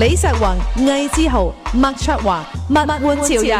李石宏、魏之豪、麥卓華、物物玩潮人，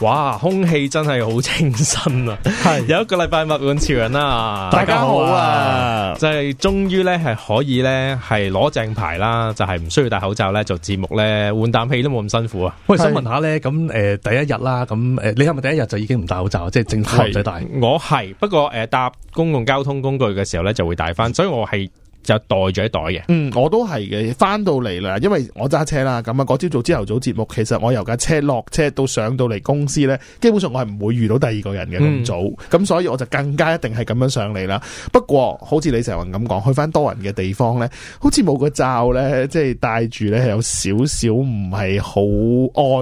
哇！空氣真係好清新啊！係是有一個禮拜物玩潮人啦，大家好啊！啊就係終於咧係可以咧係攞正牌啦，就係、是、唔需要戴口罩咧做節目咧換啖氣都冇咁辛苦啊！喂是，我想問下咧咁誒第一日啦，咁誒你係咪第一日就已經唔戴口罩？即係是正常唔使戴？是我係，不過誒、呃、搭公共交通工具嘅時候咧就會戴翻，所以我係。就袋咗一袋嘅，嗯，我都係嘅。翻到嚟啦，因為我揸車啦，咁啊，嗰朝做朝頭早節目，其實我由架車落車到上到嚟公司咧，基本上我係唔會遇到第二個人嘅咁早，咁、嗯、所以我就更加一定係咁樣上嚟啦。不過好似李成雲咁講，去翻多人嘅地方咧，好似冇個罩咧，即係戴住咧，係有少少唔係好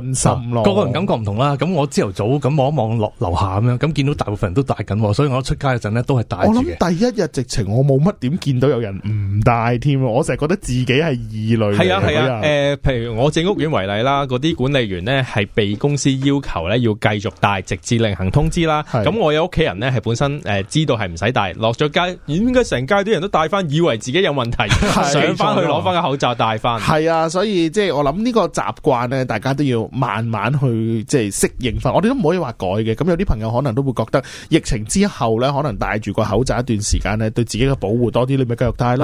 安心咯。啊、個人感覺唔同啦。咁我朝頭早咁望一望落樓下咁樣，咁見到大部分人都戴緊，所以我出街陣咧都係戴。我諗，第一日直情我冇乜點見到有人唔戴添，我成日覺得自己係異類。係啊係啊，誒、啊啊呃，譬如我正屋苑為例啦，嗰啲管理員呢係被公司要求呢要繼續戴，直至另行通知啦。咁、啊、我有屋企人呢係本身誒、呃、知道係唔使戴，落咗街應該成街啲人都戴翻，以為自己有問題，上翻、啊、去攞翻個口罩戴翻。係啊，所以即係我諗呢個習慣呢，大家都要慢慢去即係適應翻。我哋都唔可以話改嘅。咁有啲朋友可能都會覺得疫情之後呢，可能戴住個口罩一段時間呢，對自己嘅保護多啲，你咪繼續戴啦。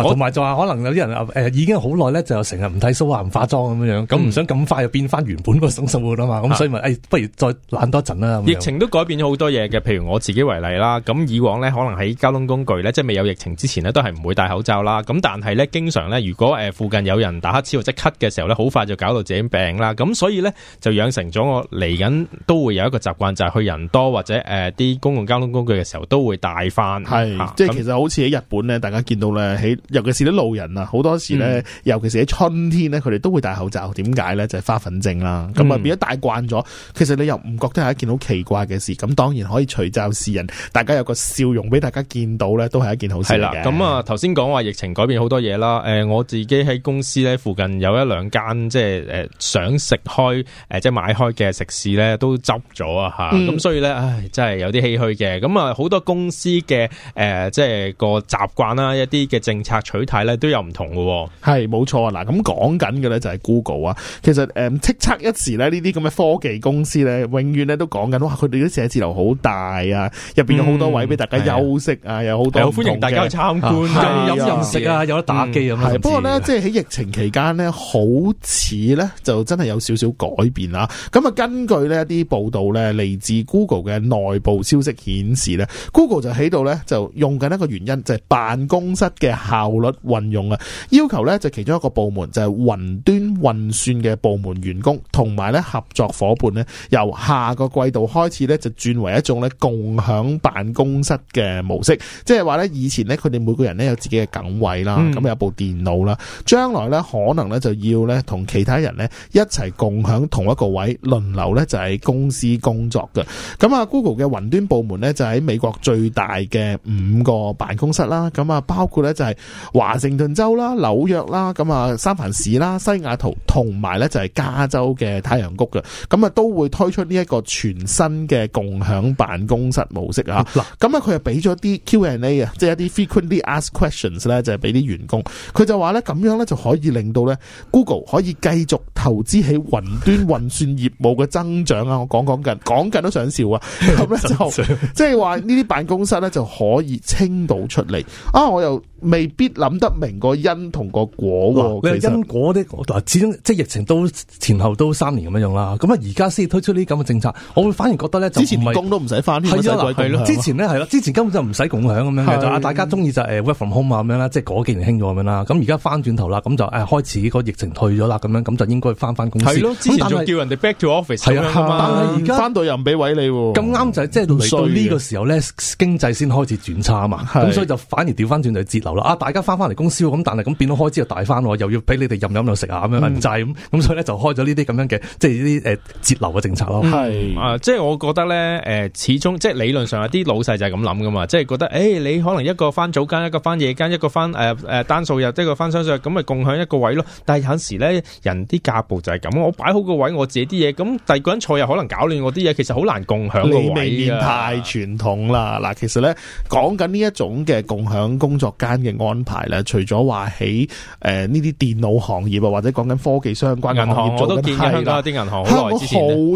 同埋就話可能有啲人誒、呃，已經好耐咧，嗯、就成日唔剃鬚啊，唔化妝咁樣樣，咁唔想咁快又變翻原本個生活啊嘛，咁所以咪誒、哎，不如再懶多陣啦。疫情都改變咗好多嘢嘅，譬如我自己為例啦，咁以往咧可能喺交通工具咧，即係未有疫情之前咧，都係唔會戴口罩啦。咁但係咧，經常咧，如果誒附近有人打乞嗤或者咳嘅時候咧，好快就搞到自己病啦。咁所以咧，就養成咗我嚟緊都會有一個習慣，就係、是、去人多或者誒啲、呃、公共交通工具嘅時候都會戴翻。係是，啊、即係其實好似喺日本咧，大家見到咧喺。尤其是啲路人啊，好多時咧，嗯、尤其是喺春天咧，佢哋都會戴口罩。點解咧？就係、是、花粉症啦。咁啊，變咗戴慣咗，其實你又唔覺得係一件好奇怪嘅事。咁當然可以除罩示人，大家有個笑容俾大家見到咧，都係一件好事啦。咁啊，頭先講話疫情改變好多嘢啦。誒，我自己喺公司咧附近有一兩間即係誒想食開誒即係買開嘅食肆咧都執咗啊吓。咁、嗯、所以咧，唉，真係有啲唏噓嘅。咁啊，好多公司嘅誒即係個習慣啦，一啲嘅政策。客取態咧都有唔同嘅，係冇錯啊！嗱，咁講緊嘅咧就係 Google 啊。其實誒、叱、嗯、咤一時咧呢啲咁嘅科技公司咧，永遠咧都講緊，哇！佢哋啲寫字樓好大啊，入邊有好多位俾大家休息、嗯、啊，有好多歡迎大家去參觀，有飲、啊啊、食啊，有得打機啊。係不過咧，即係喺疫情期間咧，好似咧就真係有少少改變啦。咁啊，根據呢一啲報道咧，嚟自 Google 嘅內部消息顯示咧，Google 就喺度咧就用緊一個原因，就係、是、辦公室嘅客。效率運用啊，要求咧就其中一個部門就係、是、雲端運算嘅部門員工同埋咧合作伙伴夥咧，由下個季度開始咧就轉為一種咧共享辦公室嘅模式，即係話咧以前咧佢哋每個人咧有自己嘅崗位啦，咁有部電腦啦，嗯、將來咧可能咧就要咧同其他人咧一齊共享同一個位，輪流咧就喺公司工作嘅。咁啊，Google 嘅雲端部門咧就喺美國最大嘅五個辦公室啦，咁啊包括咧就係、是。華盛頓州啦、紐約啦、咁啊三藩市啦、西雅圖同埋咧就係加州嘅太陽谷嘅，咁啊都會推出呢一個全新嘅共享辦公室模式啊！嗱、嗯，咁啊佢又俾咗啲 Q&A 啊，即係一啲 frequently asked questions 咧，就係俾啲員工，佢就話咧咁樣咧就可以令到咧 Google 可以繼續投資喺雲端運算業務嘅增長啊！ 我講講緊，講緊都想笑啊！咁咧 就即係話呢啲辦公室咧就可以清倒出嚟啊！我又。其實未必諗得明個因同個果喎。因果啲始終即係疫情都前後都三年咁樣樣啦。咁啊，而家先推出呢咁嘅政策，我會反而覺得咧就唔係工都唔使翻，呢係啦，之前呢，係啦，之前根本就唔使共享咁樣大家中意就 work from home 啊咁樣啦，即係嗰幾年興咗咁樣啦。咁而家翻轉頭啦，咁就誒開始個疫情退咗啦，咁樣咁就應該翻翻工。係之前就叫人哋 back to office 係啊，但係而家翻到又唔俾位你喎。咁啱就係即係嚟到呢個時候咧，經濟先開始轉差啊嘛。咁所以就反而調翻轉就接啊！大家翻翻嚟公司咁，但係咁變咗開支又大翻喎，又要俾你哋任飲又食下，咁、嗯、樣，唔濟咁，咁所以咧就開咗呢啲咁樣嘅，即係呢啲誒節流嘅政策咯。係是、嗯、啊，即係我覺得咧誒、呃，始終即係理論上啊，啲老細就係咁諗噶嘛，即係覺得誒、欸，你可能一個翻早間，一個翻夜間，一個翻誒誒、呃呃、單數日，一個翻雙數日，咁咪共享一個位咯。但係有時咧，人啲架步就係咁，我擺好個位，我自己啲嘢，咁第二個人坐又可能搞亂我啲嘢，其實好難共享個位。你未免太傳統啦！嗱，其實咧講緊呢一種嘅共享工作間。嘅安排咧，除咗話喺誒呢啲電腦行業啊，或者講緊科技相關嘅行業，我都見到香港啲銀行，好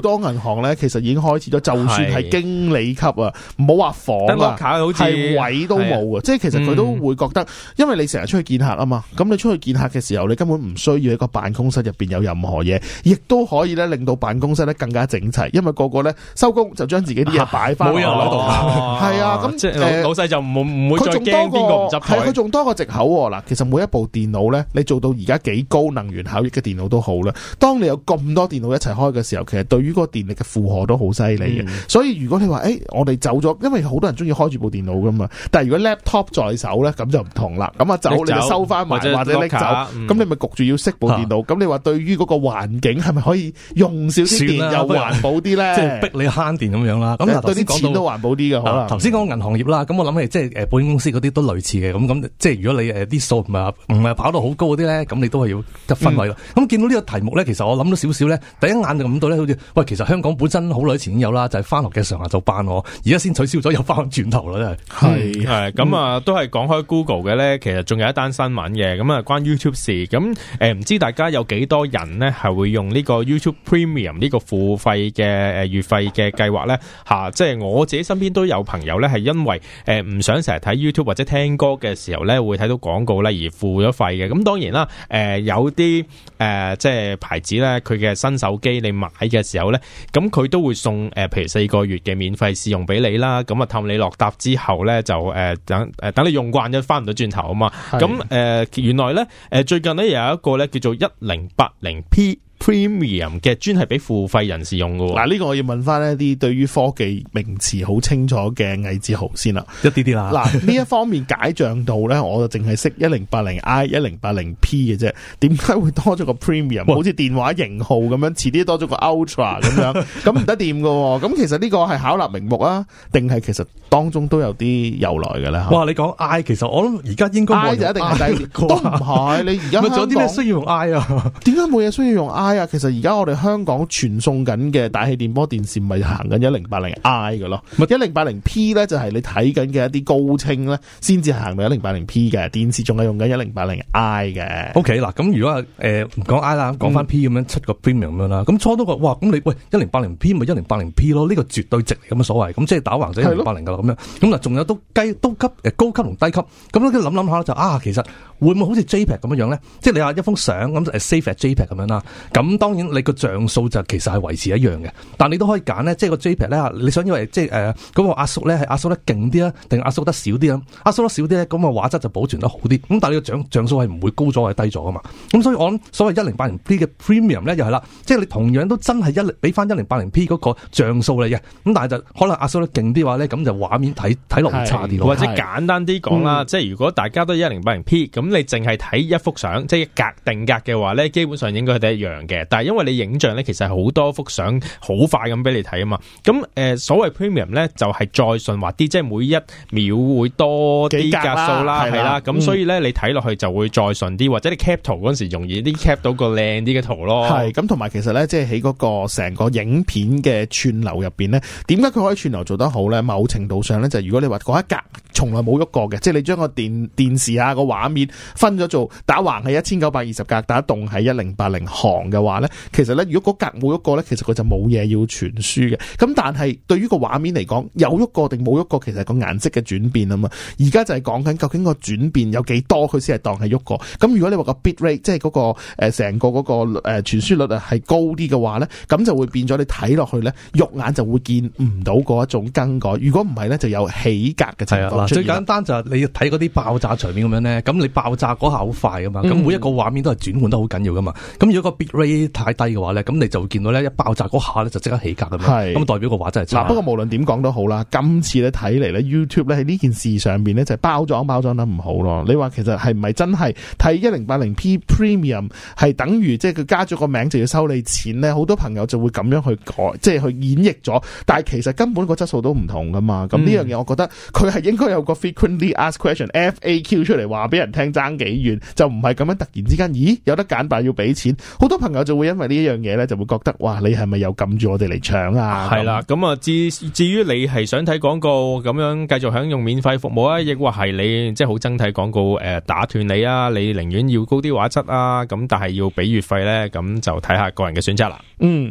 多銀行咧，其實已經開始咗。就算係經理級啊，唔好話房啊，係位都冇啊。即係其實佢都會覺得，因為你成日出去見客啊嘛，咁你出去見客嘅時候，你根本唔需要喺個辦公室入邊有任何嘢，亦都可以咧令到辦公室咧更加整齊。因為個個咧收工就將自己啲嘢擺翻，冇人喺度。係啊，咁老細就唔唔會再驚邊個唔執。仲多個藉口喎，嗱，其實每一部電腦咧，你做到而家幾高能源效益嘅電腦都好啦。當你有咁多電腦一齊開嘅時候，其實對於個電力嘅負荷都好犀利嘅。嗯、所以如果你話，誒、欸，我哋走咗，因為好多人中意開住部電腦噶嘛。但係如果 laptop 在手咧，咁就唔同啦。咁啊走就收翻埋，或者拎走。咁你咪焗住要熄部電腦。咁你話對於嗰個環境係咪可以用少啲電了又環保啲咧？即係逼你慳電咁樣啦。咁對啲錢都環保啲嘅可能。頭先講銀行業啦，咁我諗起，即係誒保險公司嗰啲都類似嘅咁咁。即係如果你誒啲數唔係唔係跑到好高嗰啲咧，咁你都係要得分位咯。咁見到呢個題目咧，其實我諗咗少少咧，第一眼就諗到咧，好似喂，其實香港本身好耐以前已經有啦，就係翻學嘅上下晝班，我而家先取消咗，又翻轉頭啦，真係。係係咁啊，都係講開 Google 嘅咧，其實仲有一單新聞嘅，咁啊關於 YouTube 事。咁誒唔知大家有幾多人咧係會用呢個 YouTube Premium 呢個付費嘅誒月費嘅計劃咧？吓，即係我自己身邊都有朋友咧，係因為誒唔想成日睇 YouTube 或者聽歌嘅。呃呃、時候咧，會睇到廣告咧，而付咗費嘅，咁當然啦，誒有啲誒即係牌子咧，佢嘅新手機你買嘅時候咧，咁佢都會送誒、呃、譬如四個月嘅免費試用俾你啦，咁啊氹你落搭之後咧就誒、呃、等誒等你用慣咗返唔到轉頭啊嘛，咁誒是的、呃、原來咧誒最近咧有一個咧叫做一零八零 P。Premium 嘅專係俾付費人士用喎。嗱，呢個我要問翻呢一啲對於科技名詞好清楚嘅魏志豪先啦，一啲啲啦，嗱，呢一方面解像度咧，我就淨係識一零八零 I 一零八零 P 嘅啫，點解會多咗個 Premium？好似電話型號咁樣，遲啲多咗個 Ultra 咁樣，咁唔得掂喎。咁其實呢個係巧立名目啊，定係其實當中都有啲由來嘅咧？哇，你講 I，其實我諗而家應該 I 就一定係第二個，都唔係你而家香港有啲咩需要用 I 啊？點解冇嘢需要用 I？係啊、哎，其實而家我哋香港傳送緊嘅大氣電波電視咪行緊一零八零 I 嘅咯，咪是一零八零 P 咧就係你睇緊嘅一啲高清咧，先至行到一零八零 P 嘅電視用，仲係用緊一零八零 I 嘅。O K 嗱，咁如果誒唔講，呃、I 啦，講翻 P 咁樣出，嗯，個 premium 咁樣啦，咁初都話哇，咁你喂一零八零 P 咪一零八零 P 咯，呢個絕對值咁嘅所謂，咁即係打橫仔係一零八零噶啦咁樣。咁嗱，仲有都級，都級誒，呃、高級同低級，咁你諗諗下就啊，其實會唔會好似 JPEG 咁樣樣咧？即係你話一幅相咁，呃、save JPEG 咁樣啦。咁當然你個像素就其實係維持一樣嘅，但你都可以揀呢，即係個 JPEG 咧，你想因為即係誒咁個壓縮咧係壓縮得勁啲啊，定壓縮得少啲啊？壓縮得少啲咧，咁、那個畫質就保存得好啲。咁但係你個像像素係唔會高咗係低咗噶嘛？咁所以我諗所謂一零八零 P 嘅 premium 咧又係、就、啦、是，即係你同樣都真係一俾翻一零八零 P 嗰個像素嚟嘅，咁但係就可能壓縮得勁啲話咧，咁就畫面睇睇落差啲咯。或者簡單啲講啦，嗯、即係如果大家都 p, 一零八零 P，咁你淨係睇一幅相，即係一格定格嘅話咧，基本上應該係一樣。嘅，但係因為你影像咧，其實係好多幅相好快咁俾你睇啊嘛。咁誒、呃，所謂 premium 咧，就係、是、再順滑啲，即係每一秒會多格數、幾格數啦，係啦。咁所以咧，你睇落去就會再順啲，或者你 cap 圖嗰陣時容易啲 cap 到個靚啲嘅圖咯。係咁，同埋其實咧，即係喺嗰個成個影片嘅串流入邊咧，點解佢可以串流做得好咧？某程度上咧，就如果你話嗰一格從來冇喐過嘅，即、就、係、是、你將個電電視啊、嗰個畫面分咗做打橫係一千九百二十格，打戙係一零八零行嘅。嘅話咧，其實咧，如果嗰格冇一個咧，其實佢就冇嘢要傳輸嘅。咁但係對於個畫面嚟講，有喐個定冇喐個，其實，個，個，其實個顏色嘅轉變啊嘛。而家就係講緊究竟個轉變有幾多，佢先係當係喐個。咁如果你話個 bit rate 即係嗰個成、呃、個嗰、嗰個傳、呃、傳輸率係高啲嘅話咧，咁就會變咗你睇落去咧，肉眼就會見唔到嗰一種更改。如果唔係咧，就有起格嘅情況出現。最簡單就係你要睇嗰啲爆炸場面咁樣咧，咁你爆炸嗰下好快啊嘛，咁每一個畫面都係轉換得好緊要噶嘛。咁如果個 bit rate 太低嘅話呢，咁你就會見到呢一爆炸嗰下呢，就即刻起格咁是樣，咁代表個畫真係差、啊。不過無論點講都好啦，今次呢睇嚟呢 YouTube 呢喺呢件事上面呢，就包裝包裝得唔好咯。你話其實係唔係真係睇一零八零 P Premium 係等於即係佢加咗個名就要收你錢呢，好多朋友就會咁樣去改，即、就、係、是、去演繹咗。但係其實根本個質素都唔同噶嘛。咁呢、嗯、樣嘢我覺得佢係應該有個 Frequently Asked Question FAQ 出嚟話俾人聽，爭幾遠就唔係咁樣突然之間，咦有得揀但係要俾錢，好多朋友我就會因為呢樣嘢咧，就會覺得哇，你係咪有撳住我哋嚟搶啊？係啦，咁啊，至至於你係想睇廣告咁樣繼續享用免費服務啊，亦或係你即係好憎睇廣告誒，打斷你啊，你寧願要高啲畫質啊，咁但係要俾月費咧，咁就睇下個人嘅選擇啦。嗯，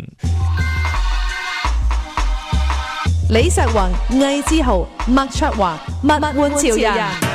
李石宏、魏之豪、麥卓華、麥換潮人。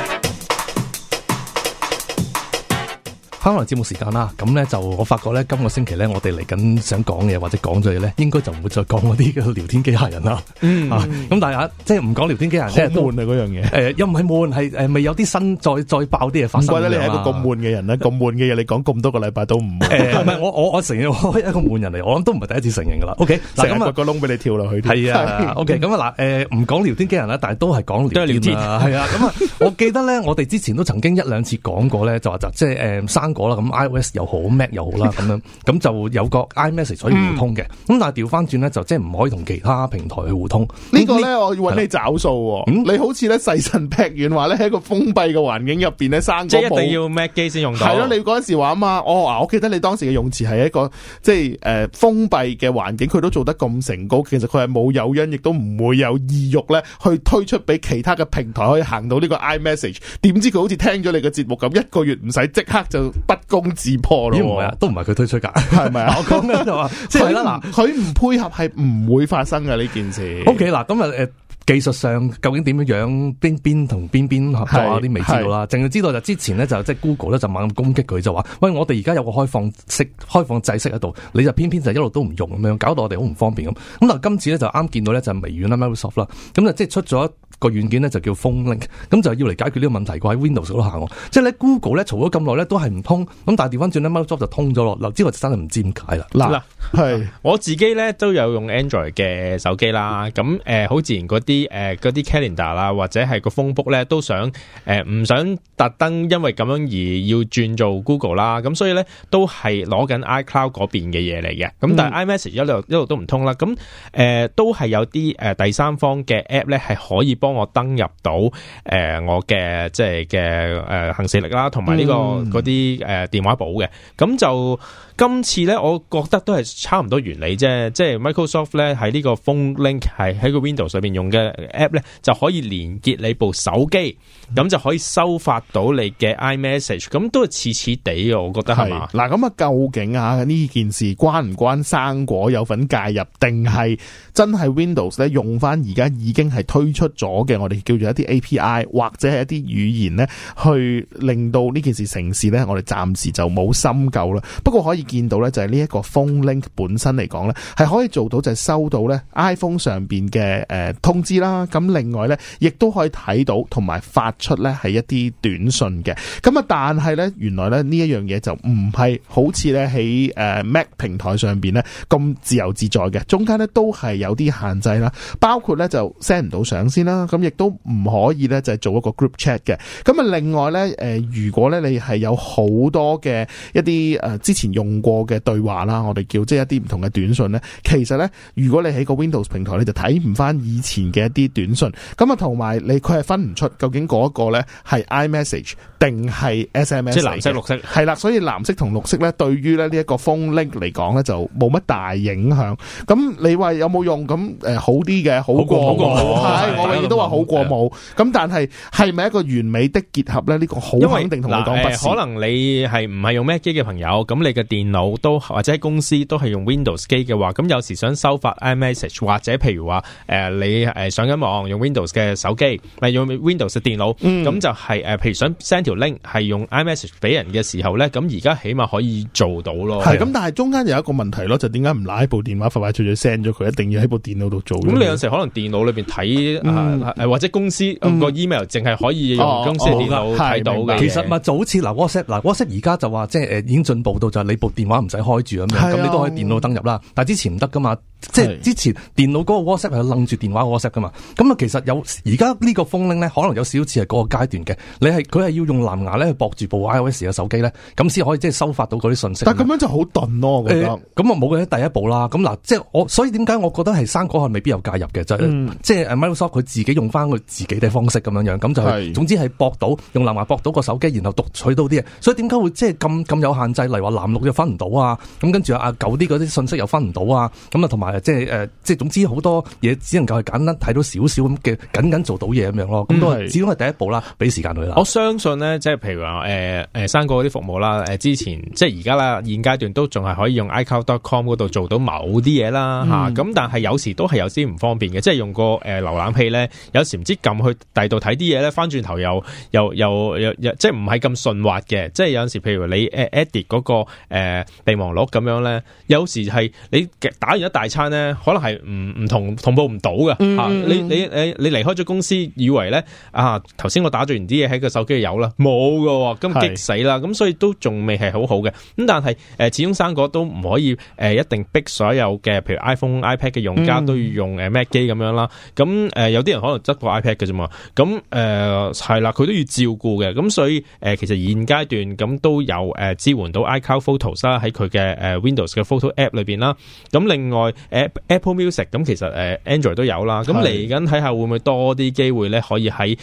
翻落嚟節目時間啦，咁咧就我發覺咧，今個星期咧，我哋嚟緊想講嘢或者講咗嘢咧，應該就唔會再講嗰啲嘅聊天機械人啦。嗯，咁但係即係唔講聊天機械人都悶啊嗰樣嘢。誒，又唔係悶係誒，咪有啲新再再爆啲嘢發生。怪得你係一個咁悶嘅人啦，咁悶嘅嘢你講咁多個禮拜都唔誒。唔係，我我我承認我係一個悶人嚟，我諗都唔係第一次承認噶啦。OK，嗱咁啊，個窿俾你跳落去。係啊。OK 咁啊嗱誒，唔講聊天機械人啦，但係都係講聊天啦。係啊。咁啊，我記得咧，我哋之前都曾經一兩次講過咧，就話就即係誒果啦，咁 iOS 又好 ，Mac 又好啦，咁樣咁就有個 iMessage 可以互通嘅。咁、嗯、但係調翻轉咧，就即係唔可以同其他平台去互通。嗯嗯、個呢個咧，我要揾你找數、哦。嗯、你好似咧，細神劈完話咧喺個封閉嘅環境入邊咧生。即一定要 Mac 機先用到。係咯、啊，你嗰時話啊嘛，我啊、哦，我記得你當時嘅用詞係一個即係誒、呃、封閉嘅環境，佢都做得咁成功。其實佢係冇有因，亦都唔會有意欲咧去推出俾其他嘅平台可以行到呢個 iMessage。點知佢好似聽咗你嘅節目咁，一個月唔使即刻就。不攻自破咯、啊，都唔係佢推出噶，係咪啊？我講緊就話，即係啦嗱，佢唔吶配合係唔會發生嘅呢件事。O K 嗱，咁、呃、日技術上究竟點樣樣？邊邊同邊邊合作啲未是知道啦，淨係是知道就之前呢，就即係 Google 咧就猛咁攻擊佢就話，喂，我哋而家有個開放式開放制式喺度，你就偏偏就一路都唔用咁樣，搞到我哋好唔方便咁。咁嗱今次咧就啱見到咧就微軟啦、Microsoft 啦，咁就即係出咗。個軟件咧就叫 Phone Link 咁就要嚟解決呢個問題。個喺 Windows 都行，即係咧 Google 咧嘈咗咁耐咧都係唔通，咁但係調翻轉咧 Microsoft 就通咗咯。嗱之後就真係唔知點解啦。嗱是，係 我自己咧都有用 Android 嘅手機啦，咁誒好自然嗰啲誒嗰啲，呃、Calendar 啦，或者係個 Phone Book 咧都想誒唔，呃、想特登因為咁樣而要轉做 Google 啦，咁所以咧都係攞緊 iCloud 嗰邊嘅嘢嚟嘅，咁但係 iMessage 一路一路都唔通啦，咁誒、呃、都係有啲誒、呃、第三方嘅 App 咧係可以幫。幫我登入到誒、呃、我嘅即係嘅誒行事曆啦，同埋呢個嗰啲誒電話簿嘅，咁就今次咧，我覺得都係差唔多原理啫，即係 Microsoft 咧喺呢個 Phone Link 係喺個 Windows 上邊用嘅 App 咧，就可以連結你部手機。咁就可以收發到你嘅 iMessage，咁都係似似哋嘅，我覺得係嗱，咁啊，究竟啊呢件事關唔關生果有份介入，定係真係 Windows 咧用翻而家已經係推出咗嘅，我哋叫做一啲 API 或者係一啲語言咧，去令到呢件事成事咧？我哋暫時就冇深究啦。不過可以見到咧，就係呢一個 Phone Link 本身嚟講咧，係可以做到就係收到咧 iPhone 上邊嘅誒通知啦。咁另外咧，亦都可以睇到同埋發。出咧係一啲短信嘅，咁啊但係咧原來咧呢一樣嘢就唔係好似咧喺誒 Mac 平台上邊咧咁自由自在嘅，中間咧都係有啲限制啦，包括咧就 send 唔到相先啦，咁亦都唔可以咧就係做一個 group chat 嘅。咁啊另外咧誒如果咧你係有好多嘅一啲誒之前用過嘅對話啦，我哋叫即係一啲唔同嘅短信咧，其實咧如果你喺個 Windows 平台你就睇唔翻以前嘅一啲短信，咁啊同埋你佢係分唔出究竟嗰、那個。個咧係 iMessage 定係 SMS，即係藍色、綠色係啦。所以藍色同綠色咧，對於咧呢一個 phone link 嚟講咧，就冇乜大影響。咁你話有冇用？咁誒好啲嘅，好過好過。係我永遠都話好過冇。咁但係係咪一個完美的結合咧？呢個好肯定同你講不。可能你係唔係用 Mac 機嘅朋友，咁你嘅電腦都或者喺公司都係用 Windows 機嘅話，咁有時想收發 iMessage，或者譬如話誒你誒上緊網用 Windows 嘅手機，咪用 Windows 嘅電腦。嗯，咁就係、是、誒譬如想 send 條 link 係用 iMessage 俾人嘅時候咧，咁而家起碼可以做到咯。係咁、啊啊、但係中間有一個問題咯，就點解唔嗱喺部電話快快脆脆 send 咗佢，一定要喺部電腦度做？咁你、嗯、樣有時可能電腦裏邊睇誒，誒、啊啊、或者公司個 email 淨係可以用公司電腦睇到嘅。其實咪就好似嗱 WhatsApp，嗱 WhatsApp 而家就話即係誒已經進步到就係、是、你部電話唔使開住咁樣，咁、啊、你都可以電腦登入啦。但係之前唔得噶嘛，即係是之前電腦嗰個 WhatsApp 係楞住電話 WhatsApp 噶嘛。咁啊，其實有而家呢個 phone link 咧，可能有少少似。嗰個階段嘅，你係佢係要用藍牙咧，駁住部 iOS 嘅手機咧，咁先可以即係收發到嗰啲信息。但係咁樣就好鈍咯，我覺得。咁啊冇嘅第一步啦。咁嗱，即係我所以點解我覺得係生果可能未必有介入嘅，就係、是嗯、即係 Microsoft 佢自己用翻佢自己嘅方式咁樣樣，咁就係、是、是總之係駁到用藍牙駁到個手機，然後讀取到啲嘢。所以點解會即係咁咁有限制？例如話藍綠又分唔到啊，咁跟住阿阿舊啲嗰啲信息又分唔到啊，咁啊同埋即係誒，即係、呃、總之好多嘢只能夠係簡單睇到少少咁嘅，僅僅做到嘢咁樣咯。咁都係，嗯、始終係第一啦，俾時間啦。我相信咧，即係譬如話，誒、呃、誒，生果嗰啲服務啦，誒、呃，之前即係而家啦，現階段都仲係可以用 iCloud.com 嗰度做到某啲嘢啦，吓、嗯。咁、啊、但係有時都係有啲唔方便嘅，即係用個誒瀏覽器咧，有時唔知撳去第度睇啲嘢咧，翻轉頭又又又又即係唔係咁順滑嘅。即係有陣時，譬如你誒 Edit 嗰個誒備、呃、忘錄咁樣咧，有時係你打完一大餐咧，可能係唔唔同同步唔到嘅，吓、嗯的。你你你你離開咗公司，以為咧啊？頭先我打住完啲嘢喺個手機度有啦，冇喎，咁激死啦，咁是所以都仲未係好好嘅。咁但係、呃、始終生果都唔可以、呃、一定逼所有嘅，譬如 iPhone、iPad 嘅用家、嗯、都要用 Mac 機咁樣啦。咁、呃、有啲人可能執個 iPad 嘅啫嘛。咁係、呃、啦，佢都要照顧嘅。咁所以、呃、其實現階段咁都有支援到 iCloud Photos 啦，喺佢嘅 Windows 嘅 Photo App 裏邊啦。咁另外 Apple Music 咁其實、呃、Android 都有啦。咁嚟緊睇下看看會唔會多啲機會咧，可以喺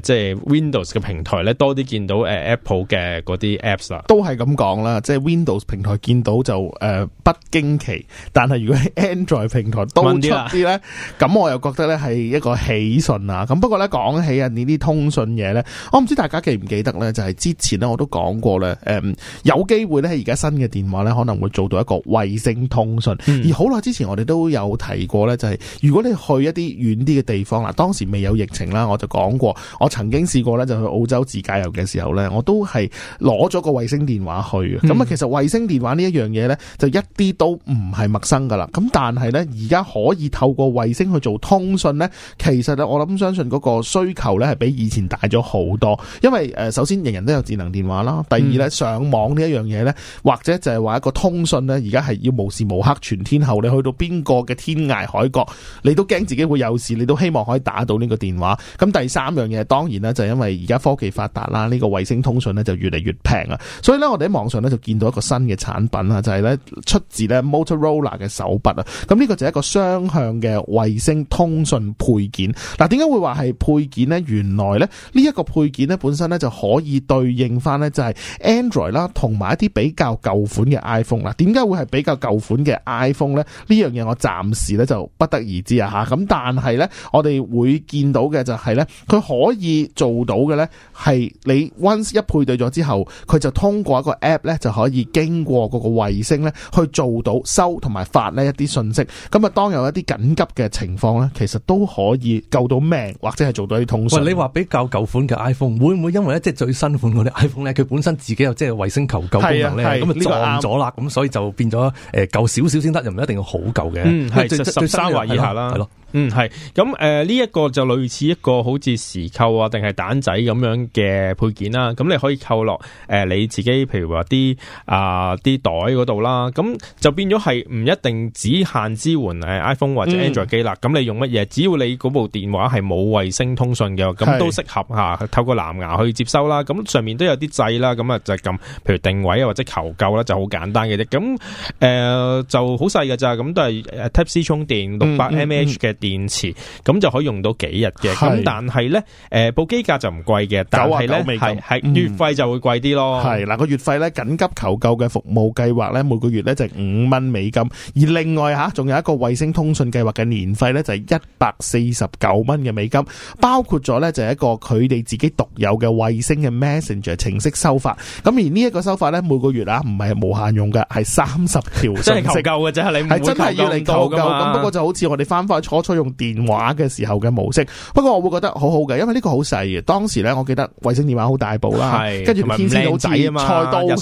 即係 Windows 嘅平台咧，多啲見到誒 Apple 嘅嗰啲 Apps 啦，都、就、係、是、咁講啦。即係 Windows 平台見到就誒、呃、不驚奇，但係如果係 Android 平台都出啲咧，咁我又覺得咧係一個喜訊啊。咁不過咧講起啊呢啲通訊嘢咧，我唔知大家記唔記得咧，就係、是、之前咧我都講過咧，誒、嗯、有機會咧而家新嘅電話咧可能會做到一個衛星通訊，嗯、而好耐之前我哋都有提過咧，就係、是、如果你去一啲遠啲嘅地方啦，當時未有疫情啦，我就講過。我曾經試過咧，就去澳洲自駕遊嘅時候呢，我都係攞咗個衛星電話去嘅。咁啊，嗯，其實衛星電話呢一樣嘢呢，就一啲都唔係陌生噶啦。咁但係呢，而家可以透過衛星去做通訊呢，其實呢，我諗相信嗰個需求呢係比以前大咗好多。因為誒，首先人人都有智能電話啦，第二呢，上網呢一樣嘢呢，或者就係話一個通訊呢，而家係要無時無刻全天候。你去到邊個嘅天涯海角，你都驚自己會有事，你都希望可以打到呢個電話。咁第三樣嘢。當然啦，就係因為而家科技發達啦，呢個衛星通訊咧就越嚟越平啊！所以咧，我哋喺網上咧就見到一個新嘅產品啊，就係咧出自咧 Motorola 嘅手筆啊！咁呢個就係一個雙向嘅衛星通訊配件。嗱，點解會話係配件呢？原來咧呢一個配件咧本身咧就可以對應翻咧就係 Android 啦，同埋一啲比較舊款嘅 iPhone 啦。點解會係比較舊款嘅 iPhone 咧？呢樣嘢我暫時咧就不得而知啊！吓，咁，但係咧我哋會見到嘅就係咧佢可以。以做到嘅咧，係你 once 一配對咗之後，佢就通過一個 app 咧，就可以經過嗰個衛星咧，去做到收同埋發呢一啲信息。咁啊，當有一啲緊急嘅情況咧，其實都可以救到命，或者係做到啲通訊。喂，你話比較舊款嘅 iPhone 會唔會因為咧即係最新款嗰啲 iPhone 咧，佢本身自己有即係衛星求救功能咧，咁啊的撞咗啦，咁所以就變咗誒舊少少先得，又唔一定要好舊嘅。即係即十三或以下啦，係咯。嗯，係咁誒，呢一，呃這個就類似一個好似匙扣啊，定係蛋仔咁樣嘅配件啦，啊。咁你可以扣落誒，呃，你自己譬如話啲啊啲袋嗰度啦。咁就變咗係唔一定只限支援誒 iPhone 或者 Android 機啦。咁，嗯，你用乜嘢？只要你部電話係冇衛星通訊嘅，咁都適合吓是、啊，透過藍牙去接收啦。咁上面都有啲掣啦，咁啊就撳，譬如定位啊或者求救啦，就好簡單嘅啫。咁誒，呃，就好細嘅咋，咁都係誒 Type C 充電六百 mAh 嘅，嗯。嗯嗯電池咁就可以用到幾日嘅，咁是但係呢，誒部機價就唔貴嘅，但係咧係月費就會貴啲咯。係嗱、那個月費呢，緊急求救嘅服務計劃呢，每個月呢就係五、是、蚊美金，而另外吓仲、啊、有一個衛星通訊計劃嘅年費呢，就係一百四十九蚊嘅美金，包括咗呢就係、是、一個佢哋自己獨有嘅衛星嘅 Messenger 程式收法。咁而呢一個收法呢，每個月啊唔係無限用嘅，係三十條真係求救嘅啫，你係真係要嚟越求救。咁不過就好似我哋翻返去坐出。用電話嘅時候嘅模式，不過我會覺得好好嘅，因為呢個好細嘅。當時咧，我記得衛星電話好大部啦，跟住是天綫好細啊嘛，菜刀咁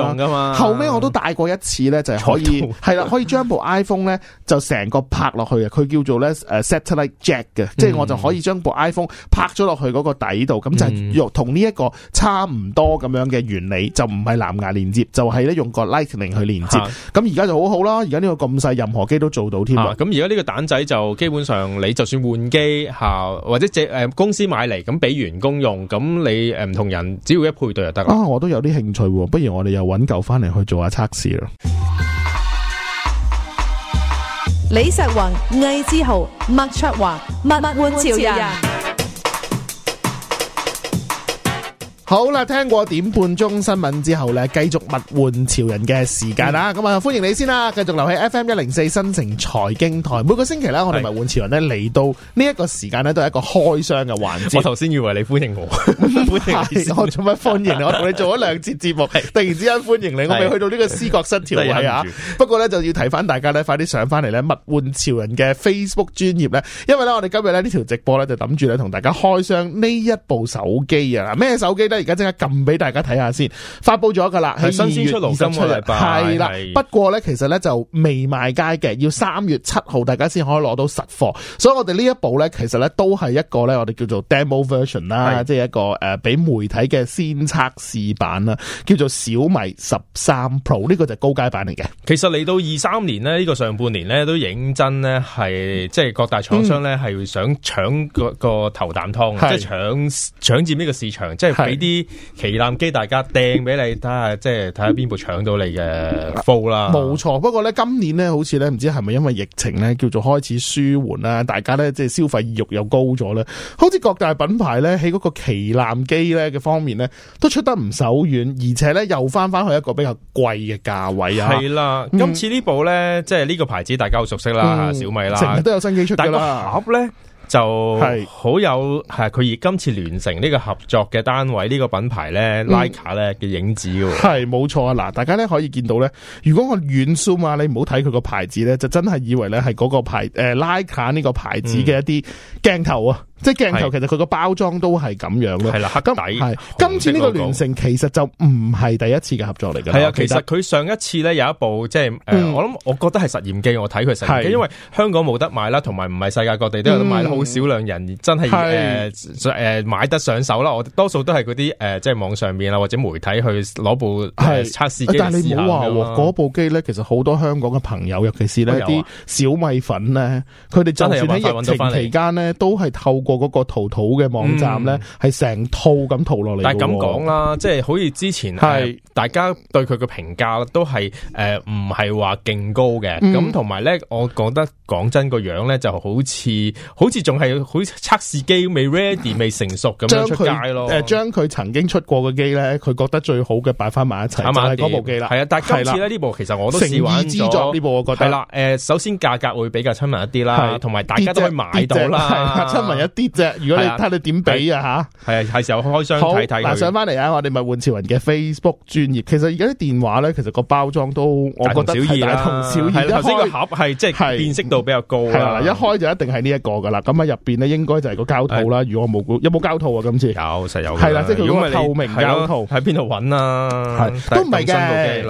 樣。後尾我都帶過一次、就是、 一呢，就係可以係啦，可以將部 iPhone 呢就成個拍落去嘅，佢叫做呢誒 satellite jack 嘅、嗯，即係我就可以將部 iPhone 拍咗落去嗰個底度，咁、嗯、就用同呢一個差唔多咁樣嘅原理，就唔係藍牙連接，就係、是、咧用個 lightning 去連接。咁而家就好好啦，而家呢個咁細，任何機都做到添。咁而家呢個蛋仔就基本上你就算換機吓，或者借誒、呃、公司買嚟咁俾員工用，咁你誒唔、呃、同人只要一配對就得。啊，我都有啲興趣、啊，不如我哋又揾嚿翻嚟去做下測試啦。李石雲、魏之豪、麥卓華、麥麥換潮人。好啦，聽過點半鐘新聞之後咧，繼續物換潮人嘅時間啦。咁啊、嗯，歡迎你先啦，繼續留喺 F M 一零四新城財經台。每個星期咧，我哋物換潮人咧嚟到呢一個時間咧，都係一個開箱嘅環節。我頭先以為你歡迎我， 是歡迎你我做乜歡迎 我同你做咗兩節節目， 突然之間歡迎你，我未去到呢個思覺失調位啊。不過咧，就要提翻大家咧，快啲上翻嚟咧，物換潮人嘅 Facebook 專頁咧，因為咧，我哋今日呢條直播咧就諗住咧同大家開箱呢一部手機啊，咩手機呢？而家即刻撳俾大家睇下先，發布咗噶啦，係新鮮出爐新出嚟，係啦。不過咧，其實咧就未賣街嘅，要三月七號大家先可以攞到實貨。所以我哋呢一部咧，其實咧都係一個咧，我哋叫做 demo version 啦，是即係一個誒，俾、呃、媒體嘅先測試版啦，叫做小米十三 Pro。呢個就係高階版嚟嘅。其實嚟到二三年呢，呢、呢個上半年咧都認真咧，係即係各大廠商咧係、嗯、想搶個個頭啖湯是即係搶搶佔呢個市場，即係俾啲旗艦機，大家掟俾你睇下，即係睇下邊部搶到你嘅 phone 啦。冇錯，不過咧今年咧，好似咧唔知係咪因為疫情咧，叫做開始舒緩啦，大家咧即係消費意欲又高咗咧。好似各大品牌咧喺嗰個旗艦機咧嘅方面咧，都出得唔手軟，而且咧又返返去一個比較貴嘅價位啊。係啦，嗯、今次呢部咧，即係呢個牌子，大家好熟悉啦，小米啦，成日、嗯嗯、都有新機出噶啦。但就好有係佢而今次聯成呢個合作嘅單位，呢個品牌咧 Leica 咧嘅影子喎。係冇錯啊！嗱，大家咧可以見到咧，如果我遠 zoom 啊，你唔好睇佢個牌子咧，就真係以為咧係嗰個牌誒 Leica 呢個牌子嘅一啲鏡頭啊。嗯即係鏡頭，其實佢個包裝都係咁樣嘅，係啦，黑底。今次呢個聯乘其實就唔係第一次嘅合作嚟嘅。係啊，其實佢上一次咧有一部即係誒，我諗我覺得係實驗機，我睇佢實驗機，因為香港冇得買啦，同埋唔係世界各地都有得買啦，好少量人真係誒誒買得上手啦。我多數都係嗰啲誒即係網上面啊，或者媒體去攞部係測試機。但你唔好話喎，嗰部機咧，其實好多香港嘅朋友，尤其是咧啲小米粉咧，佢哋就算喺疫情期間咧，都係透過，嗰、嗯、個淘淘嘅網站咧，係成套咁淘落嚟。但係咁講啦，即係好似之前係是大家對佢嘅評價都係誒唔係話勁高嘅。咁同埋咧，我覺得講真個樣咧就好似好似仲係好似測試機未 ready 未成熟咁出街咯。誒，將、呃、佢曾經出過嘅機咧，佢覺得最好嘅擺翻埋一齊，就係嗰部機啦。係啊，但係今次咧呢部的其實我都試玩咗呢部，我覺得係啦。誒、呃，首先價格會比較親民一啲啦，同埋的大家都可以買到啦，親民一啲。如果你睇你點比啊吓，係的啊，係時候開箱睇睇佢嗱，上翻嚟啊，我哋咪換潮人嘅 Facebook 專頁。其實而家啲電話咧，其實個包裝都我覺得大同小異。頭先的開個盒係即係辨識度比較高。係啦，一開就一定係呢一個㗎喇。咁喺入邊咧，應該就係個膠套啦。如果我冇有冇膠套啊？今次有實有。係啦，即係佢個透明膠套。喺邊度揾啊？的但都唔係嘅。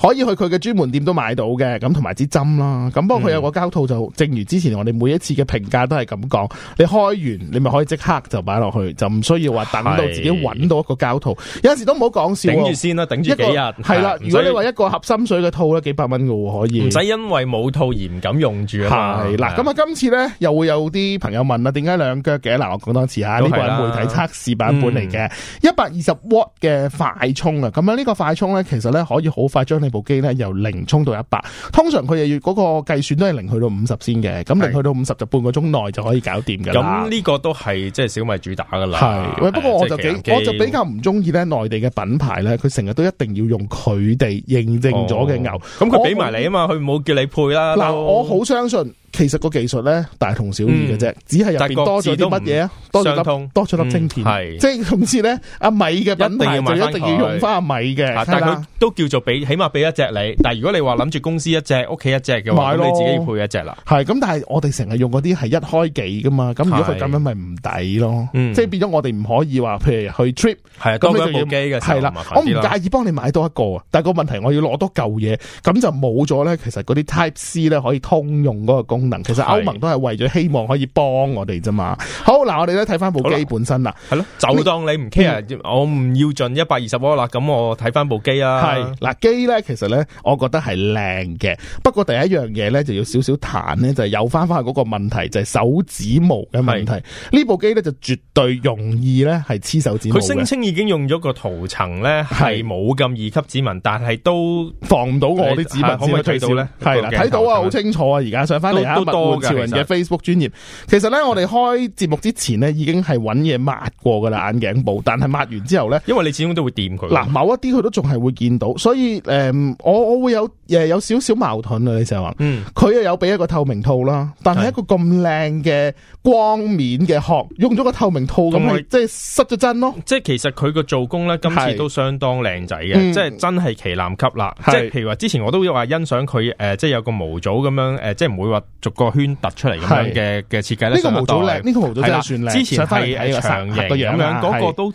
可以去佢嘅專門店都買到嘅，咁同埋支針啦，咁不過佢有個膠套就，嗯、正如之前我哋每一次嘅評價都係咁講，你開完你咪可以即刻就擺落去，就唔需要話等到自己揾到一個膠套。係，有時都唔好講笑。頂住先啦、啊，頂住幾日。係啦，用，如果你話一個合心水嘅套咧，幾百蚊嘅喎，可以。唔使因為冇套而唔敢用住啊。係啦，咁啊，今次咧又會有啲朋友問啦，點解兩腳嘅？嗱、啊，我講多次吓，呢個係媒體測試版本嚟嘅，一百二十瓦嘅快充啊。咁啊，呢個快充咧，其實咧可以好快將你。部機咧由零充到一百，通常佢又要嗰個計算都係零去到五十先嘅，咁零去到五十就半個鐘內就可以搞掂噶啦。咁呢個都係即係小米主打噶啦。係是，是不過我就幾，我就比較唔中意咧內地嘅品牌咧，佢成日都一定要用佢哋認證咗嘅牛，咁佢俾埋你啊嘛，佢唔好叫你配啦。嗱我，我好我我相信。其實個技術咧大同小異嘅啫，只係入邊多咗啲乜嘢啊？多粒多出粒晶片，即係類似咧阿米嘅品牌就一定要用翻阿米嘅。但係佢都叫做俾，起碼俾一隻你。但係如果你話諗住公司一隻，屋企一隻嘅話，咁你自己要配一隻啦。係咁，但係我哋成日用嗰啲係一開幾噶嘛？咁如果佢咁樣咪唔抵咯？即係變咗我哋唔可以話，譬如去 trip，咁你唔機嘅係啦，我唔介意幫你買多一個。但係個問題我要攞多舊嘢，咁就冇咗咧。其實嗰啲 Type C 咧可以通用嗰個功。其實歐盟都係為咗希望可以幫我哋啫嘛。是好嗱，我哋咧睇翻部機本身啦，係咯，就當你唔 care，你我唔要盡一百二十蚊啦。咁我睇翻部機啦。係嗱，機咧其實咧，我覺得係靚嘅。不過第一樣嘢咧，就要少少彈咧，就係又翻翻去嗰個問題，就係、是、手指毛嘅問題。是的這部機呢部機咧就絕對容易咧係黐手指毛。佢聲稱已經用咗個塗層咧，係冇咁易吸指紋，但係都防唔到我啲指紋。可唔可以睇到咧？係，睇到啊，好清楚啊，而家上翻嚟。都多嘅。其實，專其實咧，我哋開節目之前咧，已經係揾嘢抹過㗎啦，眼鏡布。但係抹完之後咧，因為你始終都會掂佢。嗱，某一啲佢都仲係會見到，所以誒、嗯，我我會有、呃、有少少矛盾啊。你成日話，嗯，佢又有俾一個透明套啦，但係一個咁靚嘅光面嘅殼，用咗個透明套，咁咪即係失咗真咯。即係其實佢個做工咧，今次都相當靚仔嘅，嗯、即係真係旗艦級啦。是即係譬如話，之前我都話欣賞佢誒，即係有個模組咁樣誒、呃，即係唔會話。逐個圈突出嚟咁樣嘅嘅設計咧，呢個模組靚，呢個模組真係算靚。之前係長形個樣，嗰個都